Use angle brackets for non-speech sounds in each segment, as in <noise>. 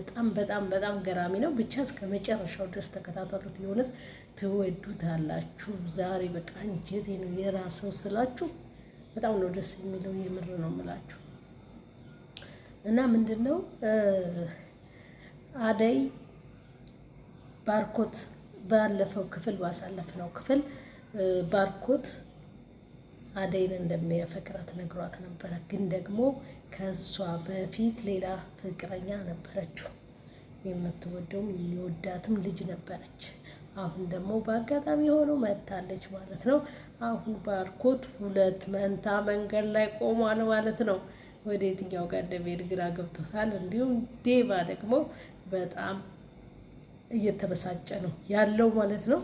በጣም በጣም በጣም ገራሚ ነው። ብቻ እስከ መጨረሻው ድረስ ተከታተሉት፣ የሆነት ትወዱታላችሁ። ዛሬ በቃ እንጀቴ ነው የራሰው ስላችሁ በጣም ነው ደስ የሚለው። የምር ነው ምላችሁ እና ምንድን ነው አደይ ባርኮት ባለፈው ክፍል ባሳለፍነው ክፍል ባርኮት አደይን እንደሚያፈቅራት ነግሯት ነበረ። ግን ደግሞ ከእሷ በፊት ሌላ ፍቅረኛ ነበረችው፣ የምትወደውም የሚወዳትም ልጅ ነበረች። አሁን ደግሞ በአጋጣሚ ሆኖ መታለች ማለት ነው። አሁን ባርኮት ሁለት መንታ መንገድ ላይ ቆሟል ማለት ነው። ወደ የትኛው ጋር እንደሚሄድ ግራ ገብቶታል። እንዲሁም ዴባ ደግሞ በጣም እየተበሳጨ ነው ያለው ማለት ነው።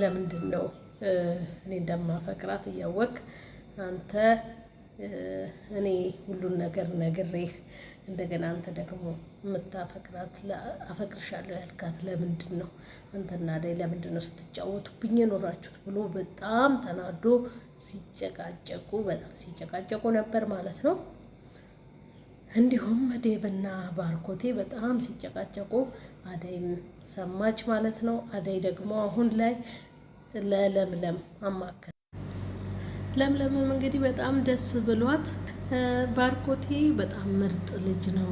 ለምንድን ነው እኔ እንደማፈቅራት እያወቅ አንተ እኔ ሁሉን ነገር ነግሬህ እንደገና አንተ ደግሞ የምታፈቅራት አፈቅርሻለሁ ያልካት ለምንድን ነው? አንተና አደይ ለምንድን ነው ስትጫወቱብኝ የኖራችሁት? ብሎ በጣም ተናዶ ሲጨቃጨቁ በጣም ሲጨቃጨቁ ነበር ማለት ነው። እንዲሁም ዴብና ባርኮቴ በጣም ሲጨቃጨቁ አደይም ሰማች ማለት ነው። አደይ ደግሞ አሁን ላይ ለለምለም አማከረ። ለምለምም እንግዲህ በጣም ደስ ብሏት ባርኮቴ በጣም ምርጥ ልጅ ነው፣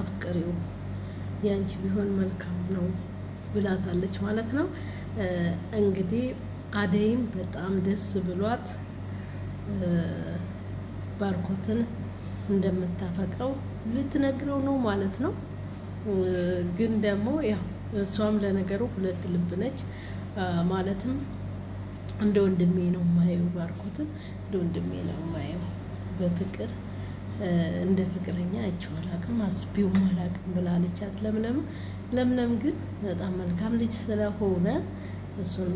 አፍቅሪው የአንቺ ቢሆን መልካም ነው ብላታለች ማለት ነው። እንግዲህ አደይም በጣም ደስ ብሏት ባርኮትን እንደምታፈቅረው ልትነግረው ነው ማለት ነው። ግን ደግሞ ያው እሷም ለነገሩ ሁለት ልብ ነች። ማለትም እንደ ወንድሜ ነው የማየው፣ ባርኮትን እንደ ወንድሜ ነው የማየው። በፍቅር እንደ ፍቅረኛ አይቼው አላውቅም፣ አስቤውም አላውቅም ብላለቻት ለምለም። ለምለም ግን በጣም መልካም ልጅ ስለሆነ እሱን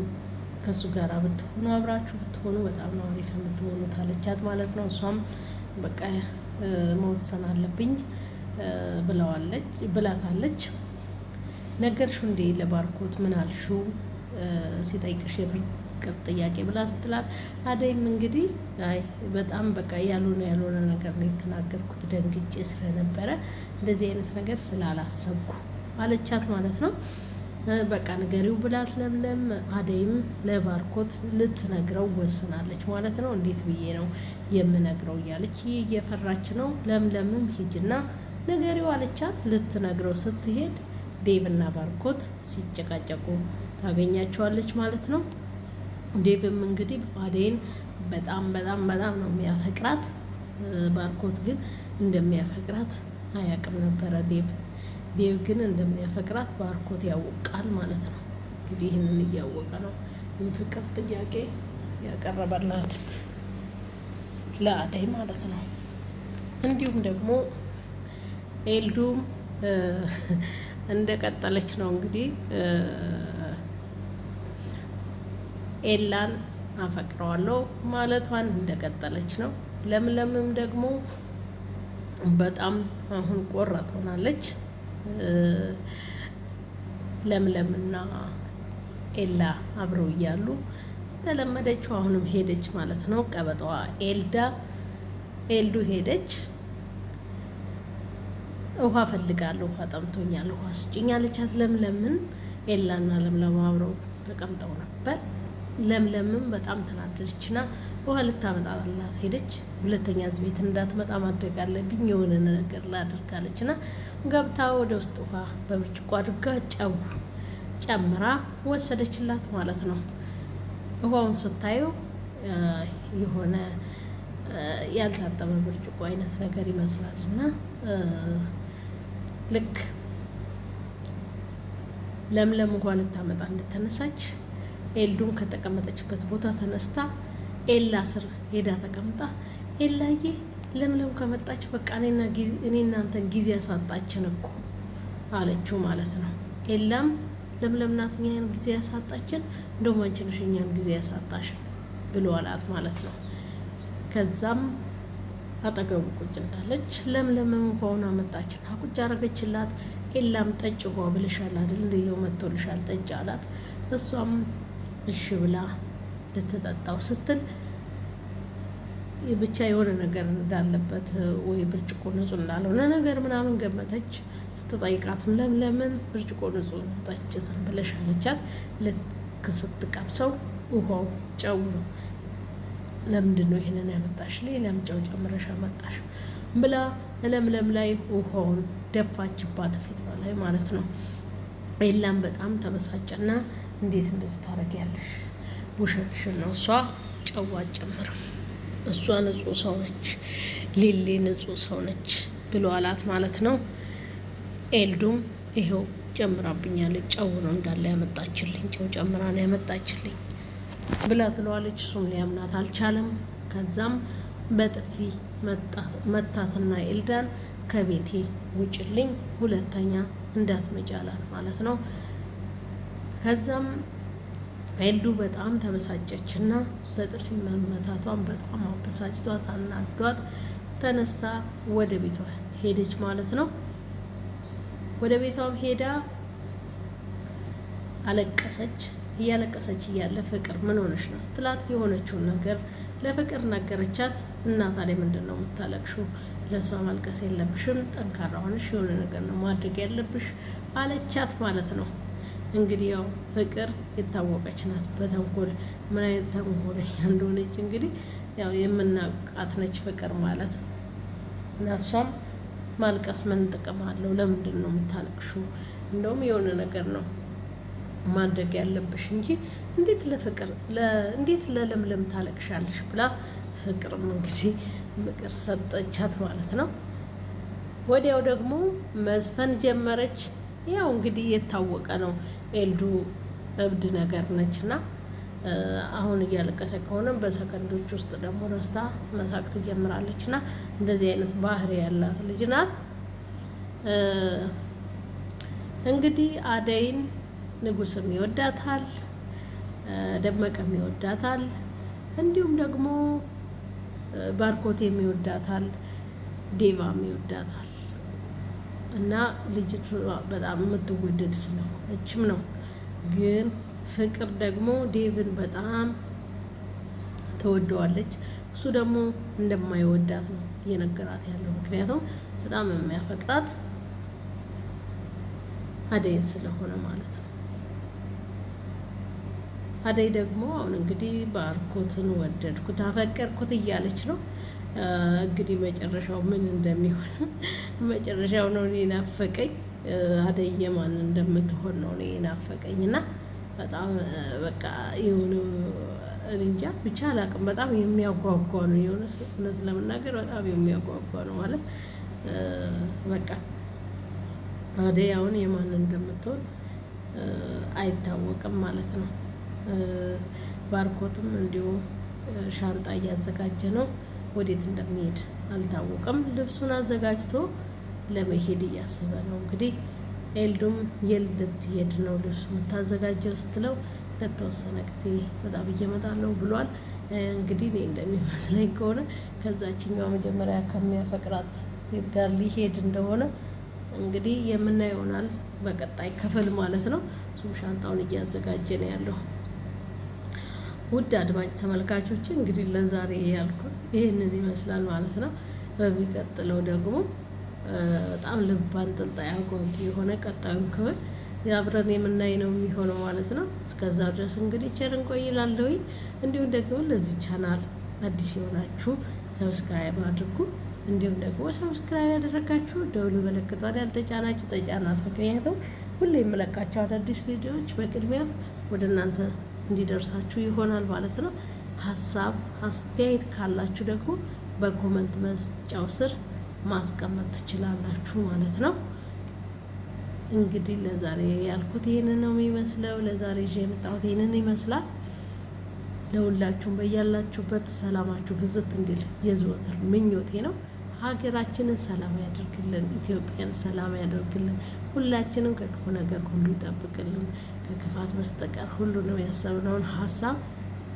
ከእሱ ጋር ብትሆኑ አብራችሁ ብትሆኑ በጣም ነው አሪፍ የምትሆኑት አለቻት ማለት ነው። እሷም በቃ መወሰን አለብኝ ብለዋለች ብላታለች። ሹ እንዴ ለባርኮት ምን አልሹ? ሲጠይቅሽ የፍቅር ጥያቄ ብላ ስትላት አደይም እንግዲህ አይ በጣም በቃ ያልሆነ ያልሆነ ነገር ነው የተናገርኩት ደንግጬ ስለነበረ እንደዚህ አይነት ነገር ስላላሰብኩ አለቻት ማለት ነው። በቃ ንገሪው ብላት ለምለም አደይም ለባርኮት ልትነግረው ወስናለች ማለት ነው። እንዴት ብዬ ነው የምነግረው እያለች እየፈራች ነው። ለምለምም ሂጅና ንገሪው አለቻት። ልትነግረው ስትሄድ ዴቭና ባርኮት ሲጨቃጨቁ ታገኛቸዋለች ማለት ነው። ዴቭም እንግዲህ አደይን በጣም በጣም በጣም ነው የሚያፈቅራት። ባርኮት ግን እንደሚያፈቅራት አያውቅም ነበረ። ዴቭ ዴቭ ግን እንደሚያፈቅራት ባርኮት ያውቃል ማለት ነው። እንግዲህ ይህንን እያወቀ ነው የፍቅር ጥያቄ ያቀረበላት ለአደይ ማለት ነው። እንዲሁም ደግሞ ኤልዱም እንደቀጠለች ነው እንግዲህ ኤላን አፈቅረዋለሁ ማለቷን እንደቀጠለች ነው። ለምለምም ደግሞ በጣም አሁን ቆራጥ ሆናለች። ለምለምና ኤላ አብረው እያሉ ተለመደች አሁንም ሄደች ማለት ነው። ቀበጠዋ ኤልዳ ኤልዱ ሄደች። ውሃ ፈልጋለሁ፣ ውሃ ጠምቶኛል፣ ውሃ ስጭኝ አለቻት። ለምለምን ኤላና ለምለም አብረው ተቀምጠው ነበር። ለምለምም በጣም ተናደደች እና ውሃ ልታመጣላት ሄደች። ሁለተኛ እዚህ ቤት እንዳትመጣ ማድረግ አለብኝ የሆነ ነገር ላደርጋለች እና ገብታ ወደ ውስጥ ውሃ በብርጭቆ አድርጋ ጨው ጨምራ ወሰደችላት ማለት ነው። ውሃውን ስታየው የሆነ ያልታጠበ ብርጭቆ አይነት ነገር ይመስላል እና ልክ ለምለም ውሃ ልታመጣ እንደተነሳች ኤልዱን ከተቀመጠችበት ቦታ ተነስታ ኤላ ስር ሄዳ ተቀምጣ ኤላዬ ለምለም ከመጣች በቃ እኔ እናንተን ጊዜ ያሳጣችን እኮ አለችው ማለት ነው። ኤላም ለምለም ናት እኛን ጊዜ ያሳጣችን፣ እንደውም አንቺ ነሽ እኛን ጊዜ ያሳጣሽ ብሎ አላት ማለት ነው። ከዛም አጠገቡ ቁጭ እንዳለች ለምለምም ከሆነ አመጣችን አቁጭ አረገችላት። ኤላም ጠጭ ሆ ብልሻል አይደል? እንደየው መጥቶልሻል ጠጭ አላት እሷም እሺ ብላ ልትጠጣው ስትል ብቻ የሆነ ነገር እንዳለበት ወይ ብርጭቆ ንጹህ እንዳልሆነ ነገር ምናምን ገመተች። ስትጠይቃትም ለምለምን ብርጭቆ ንጹህ ጠጭ ዝም ብለሽ አለቻት። ልክ ስትቀምሰው ውሃው ጨው ነው። ለምንድን ነው ይህንን ያመጣሽ? ሌላም ጨው ጨምረሽ አመጣሽ ብላ ለምለም ላይ ውሃውን ደፋችባት፣ ፊቷ ላይ ማለት ነው። ኤላም በጣም ተበሳጨና እንዴት እንደዚህ ታደርጊያለሽ? ውሸትሽን ነው። እሷ ጨዋ አትጨምርም። እሷ ንጹህ ሰው ነች፣ ሊሊ ንጹህ ሰው ነች ብሎ አላት ማለት ነው። ኤልዱም ይሄው ጨምራብኛለች፣ ጨው ነው እንዳለ ያመጣችልኝ፣ ጨው ጨምራ ነው ያመጣችልኝ ብላ ትለዋለች። እሱም ሊያምናት አልቻለም። ከዛም በጥፊ መታትና ኤልዳን ከቤቴ ውጭልኝ ሁለተኛ እንዳትመጫላት ማለት ነው። ከዛም ኤልዱ በጣም ተበሳጨች እና በጥርፊ መመታቷን በጣም አበሳጭቷት አናዷት ተነስታ ወደ ቤቷ ሄደች ማለት ነው። ወደ ቤቷም ሄዳ አለቀሰች። እያለቀሰች እያለ ፍቅር ምን ሆነች ነው ስትላት የሆነችውን ነገር ለፍቅር ነገረቻት እና ታዲያ ምንድን ነው የምታለቅሹ ለሰው ማልቀስ የለብሽም፣ ጠንካራ ሆነሽ የሆነ ነገር ነው ማድረግ ያለብሽ አለቻት ማለት ነው። እንግዲህ ያው ፍቅር የታወቀች ናት በተንኮል ምን አይነት ተንኮለኛ እንደሆነች እንግዲህ ያው የምናውቃት ነች ፍቅር ማለት እና እሷም ማልቀስ ምን ጥቅም አለው? ለምንድን ነው የምታለቅሹ? እንደውም የሆነ ነገር ነው ማድረግ ያለብሽ እንጂ እንዴት ለፍቅር እንዴት ለለምለም ታለቅሻለሽ? ብላ ፍቅርም እንግዲህ ምክር ሰጠቻት ማለት ነው። ወዲያው ደግሞ መዝፈን ጀመረች። ያው እንግዲህ የታወቀ ነው ኤልዱ እብድ ነገር ነች እና አሁን እያለቀሰ ከሆነ በሰከንዶች ውስጥ ደግሞ ደስታ መሳቅ ትጀምራለች እና እንደዚህ አይነት ባህሪ ያላት ልጅ ናት። እንግዲህ አደይን ንጉስም ይወዳታል፣ ደመቀም ይወዳታል እንዲሁም ደግሞ ባርኮቴም ይወዳታል፣ ዴቫም ይወዳታል። እና ልጅት በጣም የምትወደድ ስለሆነችም ነው። ግን ፍቅር ደግሞ ዴቭን በጣም ትወደዋለች። እሱ ደግሞ እንደማይወዳት ነው እየነገራት ያለው። ምክንያቱም በጣም የሚያፈቅራት አደይን ስለሆነ ማለት ነው። አደይ ደግሞ አሁን እንግዲህ ባርኮትን ወደድኩት አፈቀርኩት እያለች ነው። እንግዲህ መጨረሻው ምን እንደሚሆን <laughs> መጨረሻው ነው እኔ ናፈቀኝ። አደይ የማን እንደምትሆን ነው እኔ ናፈቀኝ። እና በጣም በቃ የሆነ እንጃ ብቻ አላቅም። በጣም የሚያጓጓ ነው የሆነ እውነት ለመናገር በጣም የሚያጓጓ ነው ማለት በቃ አደይ አሁን የማን እንደምትሆን አይታወቅም ማለት ነው። ባርኮትም እንዲሁ ሻንጣ እያዘጋጀ ነው። ወዴት እንደሚሄድ አልታወቀም። ልብሱን አዘጋጅቶ ለመሄድ እያሰበ ነው። እንግዲህ ኤልዱም የት ልትሄድ ነው ልብሱ የምታዘጋጀው ስትለው ለተወሰነ ጊዜ በጣም እየመጣለሁ ብሏል። እንግዲህ እኔ እንደሚመስለኝ ከሆነ ከዛችኛዋ መጀመሪያ ከሚያፈቅራት ሴት ጋር ሊሄድ እንደሆነ እንግዲህ የምናየው ይሆናል በቀጣይ ክፍል ማለት ነው። እሱም ሻንጣውን እያዘጋጀ ነው ያለው። ውድ አድማጭ ተመልካቾች እንግዲህ ለዛሬ ያልኩት ይህንን ይመስላል ማለት ነው። በሚቀጥለው ደግሞ በጣም ልብ አንጠልጣይ አጓጊ የሆነ ቀጣዩን ክፍል አብረን የምናይ ነው የሚሆነው ማለት ነው። እስከዛ ድረስ እንግዲህ ቸር እንቆይላለሁኝ። እንዲሁም ደግሞ ለዚህ ቻናል አዲስ የሆናችሁ ሰብስክራይብ አድርጉ። እንዲሁም ደግሞ ሰብስክራይብ ያደረጋችሁ ደውል ምልክቷን ያልተጫናችሁ ተጫናት። ምክንያቱም ሁሌ የምለቃቸው አዳዲስ ቪዲዮዎች በቅድሚያ ወደ እናንተ እንዲደርሳችሁ ይሆናል ማለት ነው። ሀሳብ አስተያየት ካላችሁ ደግሞ በኮመንት መስጫው ስር ማስቀመጥ ትችላላችሁ ማለት ነው። እንግዲህ ለዛሬ ያልኩት ይህንን ነው የሚመስለው። ለዛሬ ይዤ የመጣሁት ይህንን ይመስላል። ለሁላችሁም በያላችሁበት ሰላማችሁ ብዝት እንዲል የዘወትር ምኞቴ ነው። ሀገራችንን ሰላም ያደርግልን፣ ኢትዮጵያን ሰላም ያደርግልን፣ ሁላችንም ከክፉ ነገር ሁሉ ይጠብቅልን። ከክፋት በስተቀር ሁሉንም ያሰብነውን ሀሳብ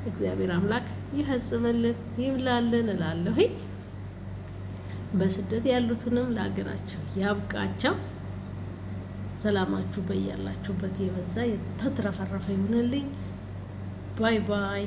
እግዚአብሔር አምላክ ይፈጽምልን ይብላልን እላለሁ። በስደት ያሉትንም ለሀገራቸው ያብቃቸው። ሰላማችሁ በያላችሁበት የበዛ የተትረፈረፈ ይሆንልኝ ባይ ባይ።